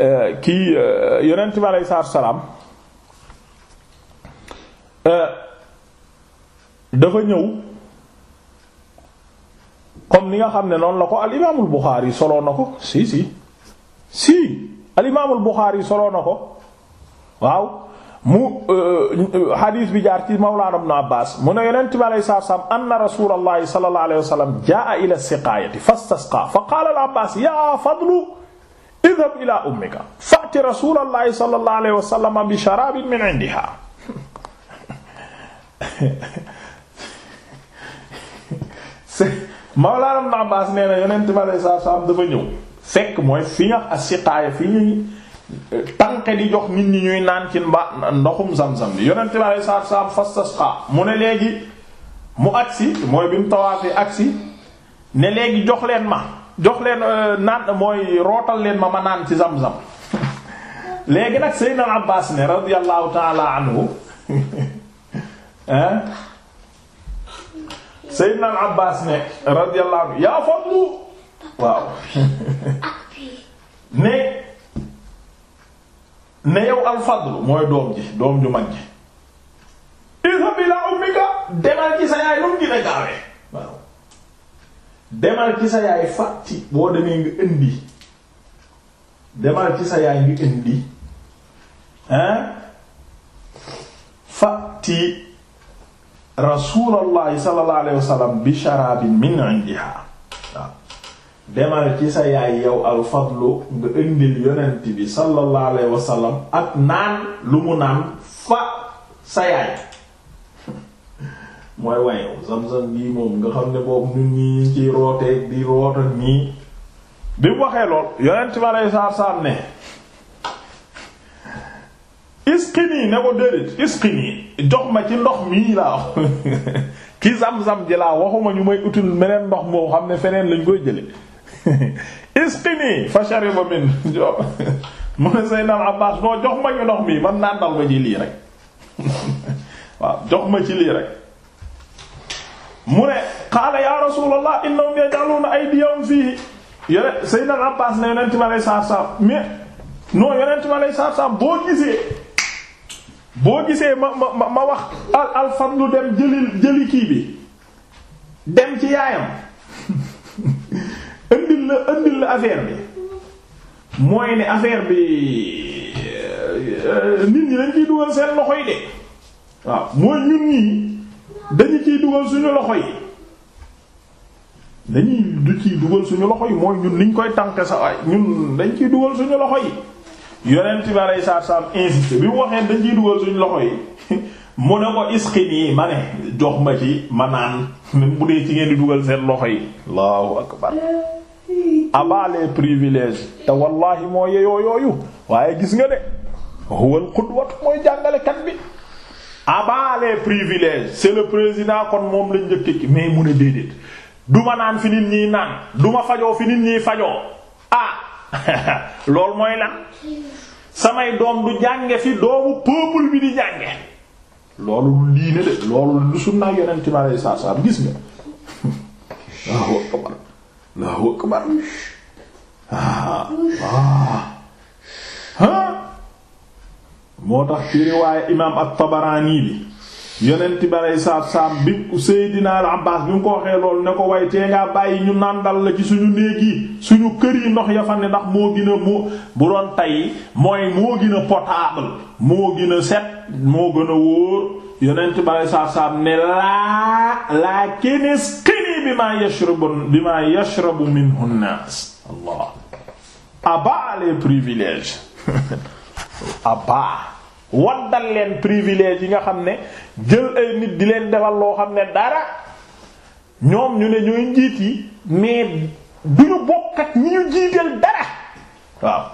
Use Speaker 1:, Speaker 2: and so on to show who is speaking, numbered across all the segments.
Speaker 1: Eh, kii eh, yonent bi aleyhi salaatu salaam eh, dafa ñëw comme ni nga xam ne noonu la ko al imaamul Buxaari soloo na ko si si si al imaamul Buxaari soloo na ko waaw mu hadith bi jaar ci Mawlaana Ibn Abbaas mu ne yonent bi aleyhi salaatu salaam anna rasuulallahi sallallahu alayhi wa sallam ila siqaayati fastasqaa fa qaala yaa Fadlu idhab ila ummika fa'ti rasulallahi sallallahu alayhi wa sallam bi sharabin min indiha Mawlaana Ibn Abbaas nee na yonent bi alayhi salaatu salaam dafa ñëw fekk mooy fi nga asiqaaya fi ñuy eh, tànke di jox nit ñi ñuy naan ci mba ndoxum zam-zam bi yonent bi alayhi salaatu salaam fastasqa mu ne léegi mu agsi mooy bi mu tawaafee agsi ne léegi jox leen ma jox leen euh, naan mooy rootal leen ma ma naan ci zam-zam léegi nag Seydina Abbas ne radiyallahu ta'ala anhu hein Seydina Abbas ne radiyallahu yaa Fadlu waaw ne ne yow al mooy doom ji doom ju mag ji. izhab ila ummika demal ci sa yaay lu mu dina gaawee. demal ci sa yaay fàtti boo demee nga indi demal ci sa yaay nga indi hein fàtti rasulallahi sallallahu alayhi wasallam bi sharabin min indiha waaw demal ci sa yaay yow alfadlu nga indil yonent bi sallallahu alayhi wasallam ak naan lu mu naan fa sa yaay mooy wayew zam-zam bii moom nga xam ne boobu ñun ñi ñu ciy rooteeg di root ak nii bi mu waxee lool yonent ma lay saar-saar ne isqini ne ko déedéet isqini jox ma ci ndox mii laa wax ki zam-zam ji laa waxuma ñu may utul meneen ndox moo xam ne feneen lañ koy jële isqini fa shariba min mu ne Seydina Abbaas noo jox ma ñu ndox mii man naan dal ma ci lii rek waaw jox ma ci lii rek mu ne qaala ya rasulallah innahum yaj'aluuna aydiyahum fii yone Seydina Abbas ne yonent mi alay saatu salam mais non yonent mi alay saatu boo gisee boo gisee ma ma ma wax al al dem jëli kii bi dem ci yaayam indil la indil la affaire bi mooy ne affaire bi euh, euh, nit ñi dañ ciy dugal seen loxo yi de waaw mooy ñun ñii dañu ciy dugal suñu loxo yi dañuy du ciy dugal suñu loxo yi mooy ñun niñ koy tànk sa waay ñun dañ ciy dugal suñu loxo yi yonent bi aleyhi salaatu salaam insisté bi mu waxee dañ ciy dugal suñu loxo yi mu ne ko isqin yi ma ne jox ma ci ma naan même dee ci ngeen di dugal seen loxo yi allahu akbar abalee privilège te wallahi moo yeyoo yooyu waaye gis nga de huwal qudwat mooy jàngalekat bi avant ah les privilèges c'est le président kon moom lañ njëkk ci mais mu ne déedéet du ma naan fi nit ñiy naan duma ma fajoo fi nit ñiy fajoo ah loolu mooy lan samay doom du jànge fi doomu peuple bi di jànge loolu diine de loolu lu sunna yonent bi alayhi salaatu salaam gis nga Allahu akbar Allahu akbar ah, ah. moo tax ci riwaaye imaam at-Tabaraani bi yonent bi aleyhi salaatu bi Seydina al-Abbaas bi mu ko waxee loolu ne ko way tee ngaa bàyyi ñu nàndal la ci suñu néeg suñu kër yi ndox ya fa ne ndax moo gën a bu doon tey mooy moo gën a potable moo gën set moo gën a wóor yonent bi aleyhi salaatu salaam ne laa laa kenees kënee bi maa yashrabu bi maa yashrabu minhu naas Allah à abaa waddal leen privilège yi nga xam ne jël ay nit di leen defal loo xam ne dara ñoom ñu ne ñooy njiit yi mais du ñu bokk ak ñi ñu jiiteel dara waaw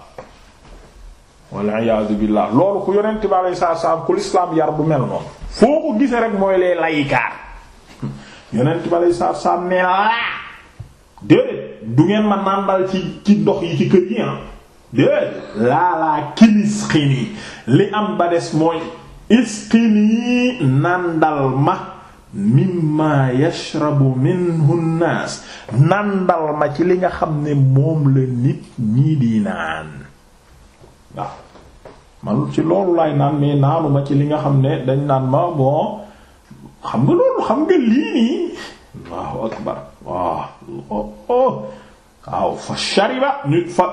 Speaker 1: walla iyaatu billaah loolu ku yonent bi alayhi salaatu ku lislaam yar bu mel noonu foo ko gise rek mooy les laïcards yonent bi alayhi salaatu salaam nee laa ah, déedéet du ngeen ma nàndal ci ci dox yi ci kër yi déedéet laalaa kinis xini li am ba des mooy isqini nandal ma mimma yashrabu minhu nnaas nandal ma ci li nga xam ne moom la nit ñii di naan waaw man ci loolu laay naan mais naanu ma ci li nga xam ne dañ naan ma bon xam nga loolu xam nga lii nii allahu akbar waaw oh, oh. waaw fa shariba ñu fa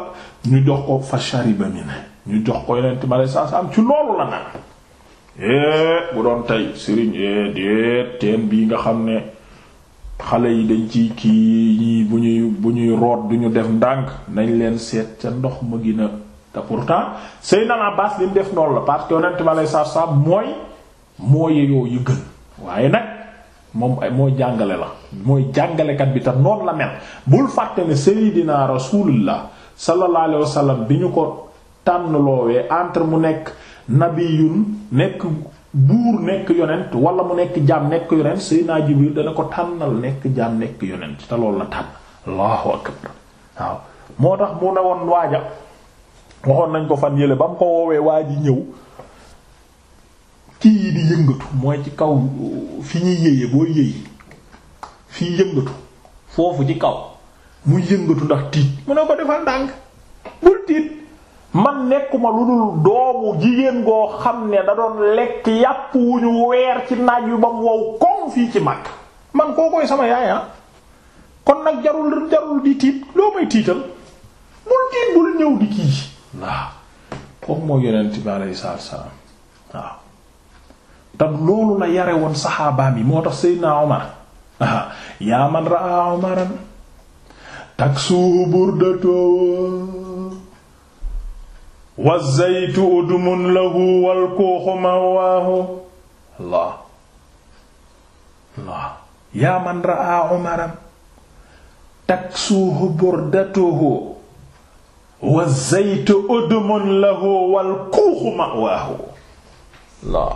Speaker 1: ñu jox ko fa shariba min ñu jox ko yeneen timale saa saa ci loolu la naan eh, bu doon tey sëriñ eh, déet teen bii nga xam ne xale yi dañ ci kii ñii bu ñuy bu ñuy root duñu def ndànk nañ leen seet ca ndox ma gën a te pourtant na Abbas li mu def noonu la parce que yonent ma lay saab saab mooy mooy yooyu yu gën waaye nag moom ay mooy jàngale la mooy jàngalekat bi te noonu la mel bul fàtte ne Seydina Rasulullah sallallahu alayhi wasallam bi ñu ko tànn loowee entre mu nekk nabiyun nekk buur nekk yonent wala mu nekk jaam nekk yonent Seydina Jibril dana ko tànnal nekk jaam nekk yonent te loolu la tànn allahu akbar waaw moo tax mu ne woon waaja waxoon nañ ko fan yële ba mu ko woowee waa ji ñëw kii yi di yëngatu mooy ci kaw fi ñuy yéye boo yéye fii yëngatu foofu ci kaw mu yëngatu ndax tiit mu ne ko defal ndànk bul tiit man nekkuma lu dul doomu jigéen goo xam ne da doon lekk yàpp wu ñu weer ci naaj wi ba mu wow koŋ fii ci mag man koo koy sama yaay ah. kon nag jarul jarul di tiit loo may tiital bul tiit bul ñëw di kii waaw kooku moo yonent bi alayhi salaam waaw te loolu la yare woon saxaabaam yi moo tax Seydina Omar ah, yaa man raa Omaran taksu burdatoo wa zaytu udmun lahu wal kuuxu mawaahu Allah Allah yaa man ra'a umaran taksuuhu burdatuhu wa zaytu udmun lahu wal kuuxu mawaahu Allah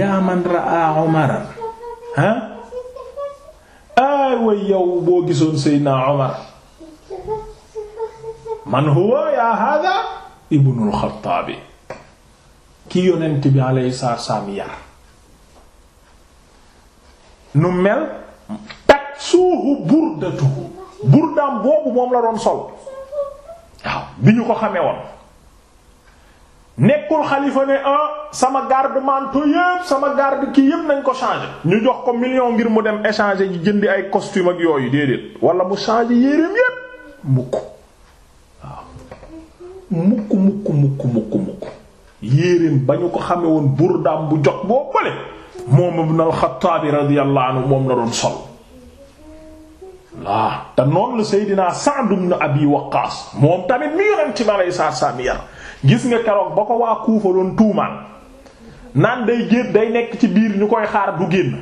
Speaker 1: yaa man ra'a umaran ha aay way yow boo gisoon Seydina Omar man huwa yaa hada ibnul Xattaabi ki yonent bi alayhi salaatu yar nu mel taksuuhu burdatuhu burdaam boobu moom la doon sol waaw bi ñu ko xamee woon nekkul xalifa ne ah sama garde manteau yépp sama garde ki yépp nañ ko changer ñu jox ko million ngir mu dem échanger ji jëndi ay costume ak yooyu déedéet wala mu changer yéreem yépp mukk mukk mukk mukk mukk mukk ba ñu ko xamee woon daam bu jot boo bële moom Ibn al-Khattab radiyallahu anhu moom la doon sol waaw te noonu la Seydina Sa'd ibn Abi Waqqas moom tamit mi yonent bi alayhi salaam yar gis nga keroog ba ko waa Kuufa doon naan day génn day nekk ci biir ñu koy xaar du génn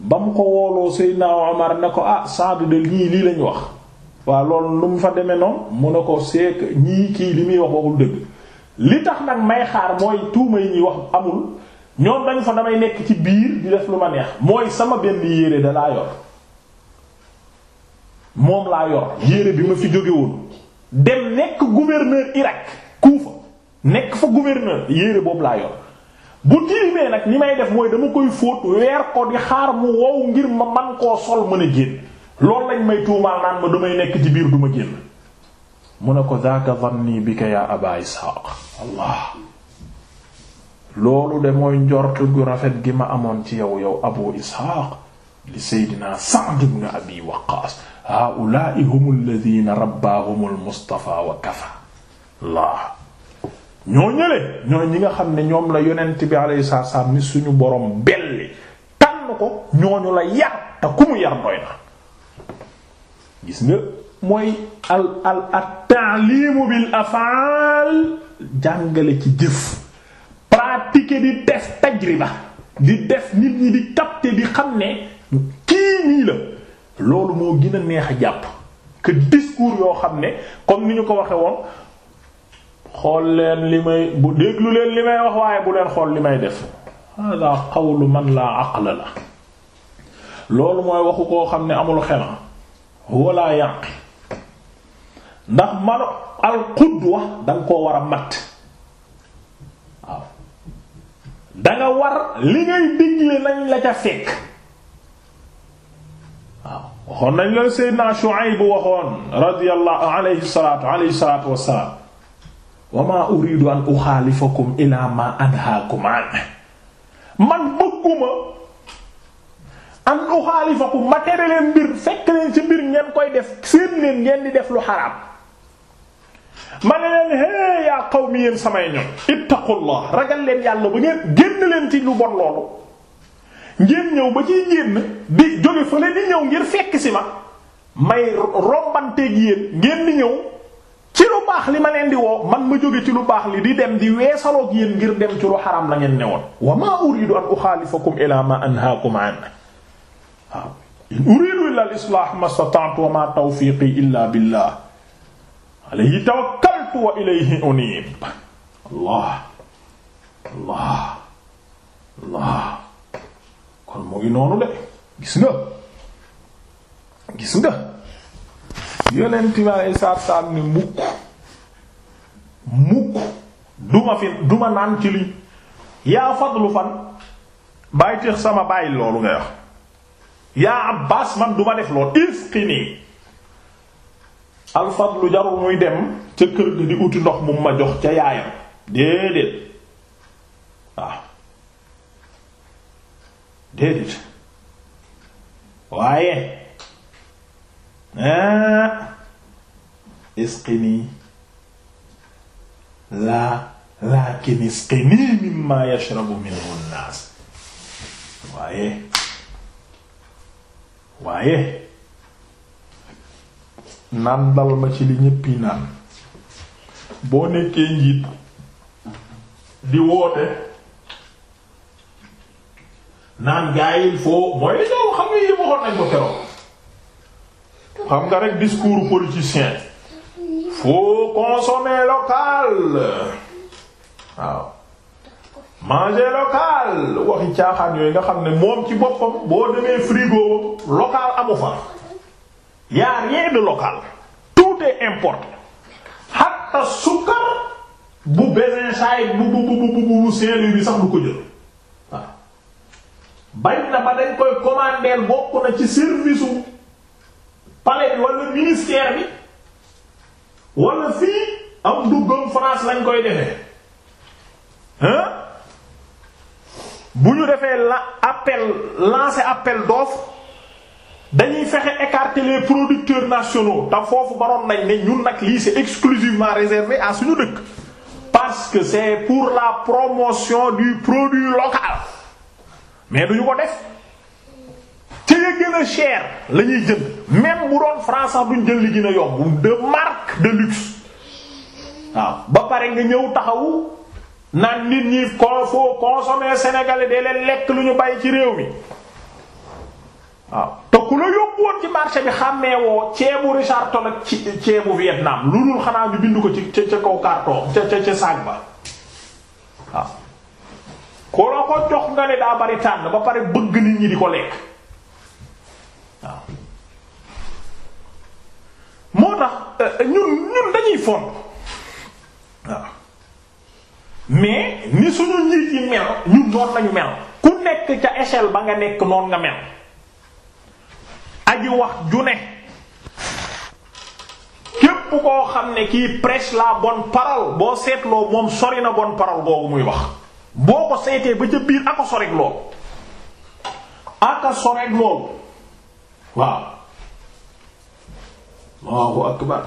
Speaker 1: ba mu ko wooloo Seydina Omar ne ko ah saadu de lii lii lañu wax waa lool lu mu fa demee noonu mu ne ko seek ñii kii li muy wax waxul dëgg li tax nag may xaar mooy tuuma yi ñuy wax amul ñoom dañ fa damay nekk ci biir di def lu ma neex mooy sama benn yéere da laa yor moom laa yor yére bi ma fi jóge dem nekk gouverneur Irak Kufa nekk fa gouverneur yére boobu laa yor bu tilimee nag ñi may def mooy dama koy fóot weer ko di xaar mu wow ngir ma man koo sol mën a génn loolu lañ may tuumaal naan ma damay nekk ci biir du ma génn mu ne ko zaaka zanni bika ya aba Ishaq Allah loolu de mooy njort gu rafet gi ma amoon ci yow yow abu isxaaq li seydina sa'd ibn abi waqaas haa'ulaa'i humu alladhiina rabbaahum almustafaa wa laa ñoo ñële ñoo ñi nga xam ne ñoom la yonent bi alayhi salaam ni suñu borom belli tànn ko ñooñu la yar te ku mu yar doy na gis nga mooy al al at-ta'liimu bil af'aal jàngale ci gis appliquer di def tajriba di def nit ñi di capter di xam ne kii nii la loolu moo gën a neex a jàpp que discours yoo xam ne comme ni ñu ko waxe woon xool leen li may bu déglu leen li may wax waaye bu leen xool li may def hada qawlu man laa aqla la loolu mooy waxu koo xam ne amul xelam walla yàqi ndax manu al qudwa danga koo war a mat danga war li ngay digle nañ la ca fekk waaw waxoon nañ la Seydina Shuayb bu waxoon radiyallahu alayhi salaatu alayhi salaatu wa maa uridu an uxaalifakum ilaa maa anhaakum an man bëgguma an uxaalifakum ma tere leen mbir fekk leen ci mbir ngeen koy def seen leen ngeen di def lu xaraam ma ne leen hee yaa qawmi yéen samay ñoom ittaqullah ragal leen yàlla ba ngeen génn leen ci lu bon loolu ngeen ñëw ba ciy génn di jóge fële di ñëw ngir fekk si ma may rombanteeg yéen ngeen di ñëw ci lu baax li ma leen di woo man ma jóge ci lu baax li di dem di weesaloog yéen ngir dem ci lu xaram la ngeen newoon wa ma uridu an uxaalifakum ila ma anhaakum an in uridu illa al islah mastata'tu wa ma tawfiqi illa billah alayhi tawakkaltu wa allah allah allah kon mu ngi noonu de gis nga gis nga yonent bi alei saatusalam ni mukk mukk duma fi duma naan ci li yaa fadlu fan bàyyi teex sama bàyyi loolu nga wax yaa abbas man duma def loolu isqini alfadlu jarul muy dem ca kër ga di uti ndox mu ma jox ca yaayam déedéet waaw déedéet waaye ah, isqini laa laakin isqini mimma yashrabu minhu an-nas waaye waaye naan dal ma ci li ñéppi naan boo nekkee njiit di woote naan gaa yi foo mooy loolu nga yi xam nga rek discours politicien faut consommer local waaw manger local waxi caaxaan yooyu nga xam ne moom ci boppam boo demee frigo local amu fa y a rien de local tout est hatta sukkar bu besin saay bu bu bu bu bu Saint-Louis bi sax du ko jël bañ na ba dañ koy commander bokk na ci service u palais bi wala ministère bi wala fii am duggam France lañ koy defee hein bu ñu defee la appel lancer appel d'offre dañuy fexe écarter les producteurs nationaux te foofu baroon nañ ne ñun nag lii c'est exclusivement réservé à suñu dëkk parce que c'est pour la promotion du produit local mais duñu ko def ci ya gën cher la ñuy jënd même bu doon France sax duñ jël li gën a yomb de marque de luxe waaw ba pare nga ñëw taxawu na nit ñi ko foo consommer sénégalais de leen lekk lu ñu bàyyi ci réew mi waaw te ku la yóbbuwoon ci marché bi xàmmee woo ceebu Richard Toll ak ci ceebu Vietnam lu dul xanaa ñu bind ko ci ca ca kaw carton ca ca ca ba waaw. ku la ko jox nga ne daa bari tànn ba pare bëgg nit ñi di ko lekk waaw moo tax euh, ñun ñun dañuy fond waaw mais ni suñu njiit yi mel ñun noonu lañu mel ku nekk ca échelle ba nga nekk noonu nga mel. aji wax ju ne képp koo xam ne kii prêche la bonne parole boo seetloo moom sori na bonne parole boobu muy wax boo ko seetee ba ca biir aka soreg lool aka soreg lool waaw Allahu akbar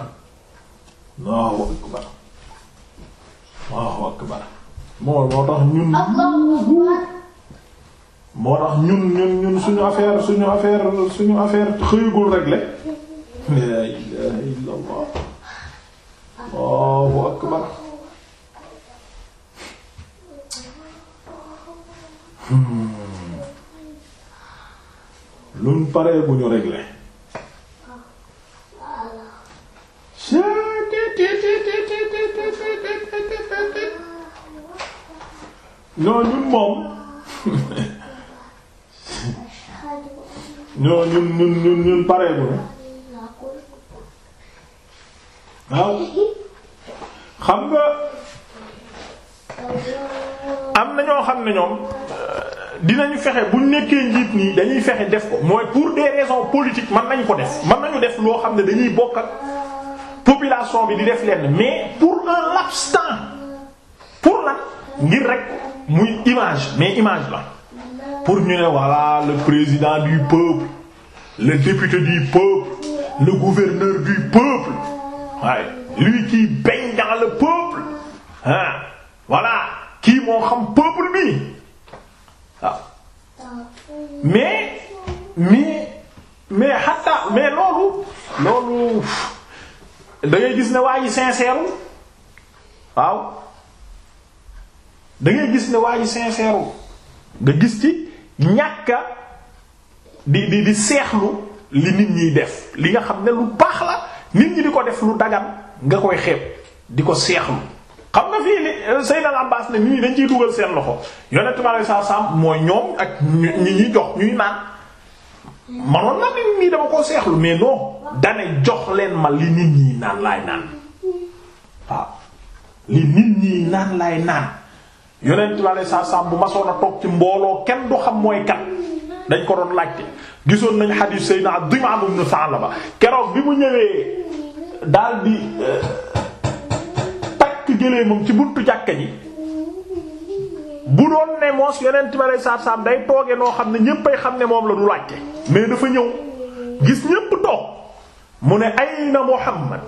Speaker 1: Allahu akbar Allahu akbar moo moo tax ñun moo tax ñun ñun ñun suñu affaire suñu affaire suñu affaire xëyugul réglé la ilaha illa allah allahu akbar hmm. luñ paree bu ñu réglé non ñun moom ñoo ñun ñun ñun ñun pareeguñu waaw xam nga am na ñoo xam ne ñoom euh, dinañu fexe bu nekkee njiit nii dañuy fexe def ko mooy pour de raisons politiques mën nañ ko def mën nañu def loo xam ne dañuy bokk ak population bi di def lenn mais pour un laps temps pour lan ngir rek muy image mais image la pour ñu ne voilà le président du peuple le député du peuple le gouverneur du peuple waaye lui qui baigne dans le peuple ah voilà kii moo xam peuple bi ah. mais mais hatta mais loolu loolu da gis ne waa ji sincère waaw da gis ne waa ji nga gis ci ñàkka di di di seexlu li nit ñiy def li nga xam ne lu baax la nit ñi di ko def lu dagan nga koy xeeb di ko seexlu xam nga fii ni euh, Seydina Abbas ne nit ñi dañ ciy dugal seen loxo yonent bi alayhi salaam mooy ñoom ak ñi ñuy jox ñuy naan manoon na nit ñi dama koo seexlu mais non dane jox leen ma li nit ñi naan laay naan waaw li nit ñi naan laay naan yonent bi aleyhi salaatu bu masoon a toog ci mbooloo kenn du xam mooy kat dañ ko doon laajte gisoon nañ xadiis Seydina Dimaam ibn Sa'laba keroog bi mu ñëwee daal di eh, takk gëléemam ci buntu jàkka ji bu doon ne moos yonent bi aleyhi salaatu day tooge noo xam ne ñéppay xam ne moom la du laajte mais dafa ñëw gis ñépp toog mu ne ay ayna Muhammad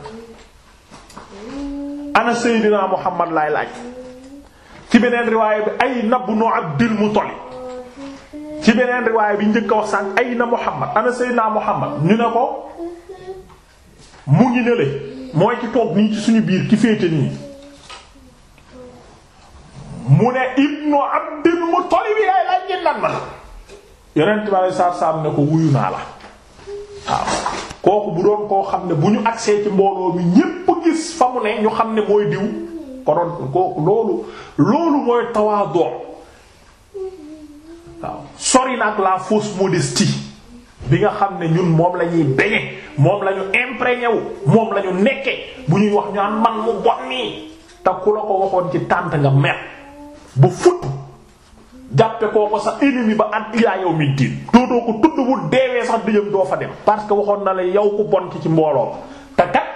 Speaker 1: ana Seydina Muhammad laay laaj ci beneen riwaaya bi ayna ibnu Abdul Muttalib ci beneen riwaaya bi njëkk a wax sànq na Muhammad ana Seydina Muhammad ñu ne ko mu ngi nele mooy ci toog nii ci suñu biir ci féete nii mu ne ibnu Abdul Muttalib yaay laaj ngeen nan ma yonent bi saa saam ne ko wuyu naa la waaw kooku bu doon koo xam ne bu ñu agsee ci mbooloo mi ñépp gis fa mu ne ñu xam ne mooy diw konoon kooku loolu loolu mooy tawaadu waaw sori nag laa fausse modestie bi nga xam ne ñun moom lañuy ñuy beñe moom la ñu wu moom la ñu nekke bu ñuy wax ñaan man mu bon nii te ku la ko waxoon ci tànt nga mer bu futt jàppe koo ko sa ennemi ba at ilaa yow mi diin dootoo ko tudd bu deewee sax dijëm doo fa dem parce que waxoon na la yow ku bon ci ci mbooloo te kat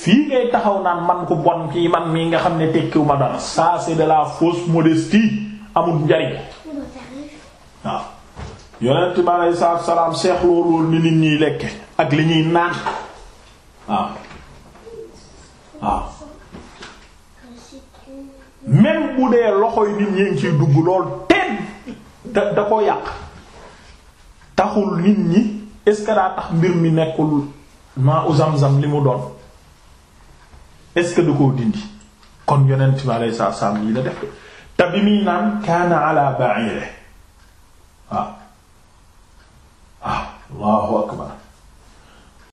Speaker 1: fii ngay taxaw naan man ku bon kii man mii nga xam ne tekkiwu ma dara ça c'est de la fausse modestie amul njariñ waaw yonent bi aleyhi salaatu salaam seexloo lool ni nit ñiy lekke ak li ñuy naan waaw waaw même bu dee loxo yi nit ñi ciy dugg lool ten da da ko yàq taxul nit ñi est daa tax mbir mi nekkul maa u Zamzam li mu doon est-ce que da koo dindi kon yonent bi alayhi lii la def te bi muy naan kaana ala ba'ire waaw waaw allahu akbar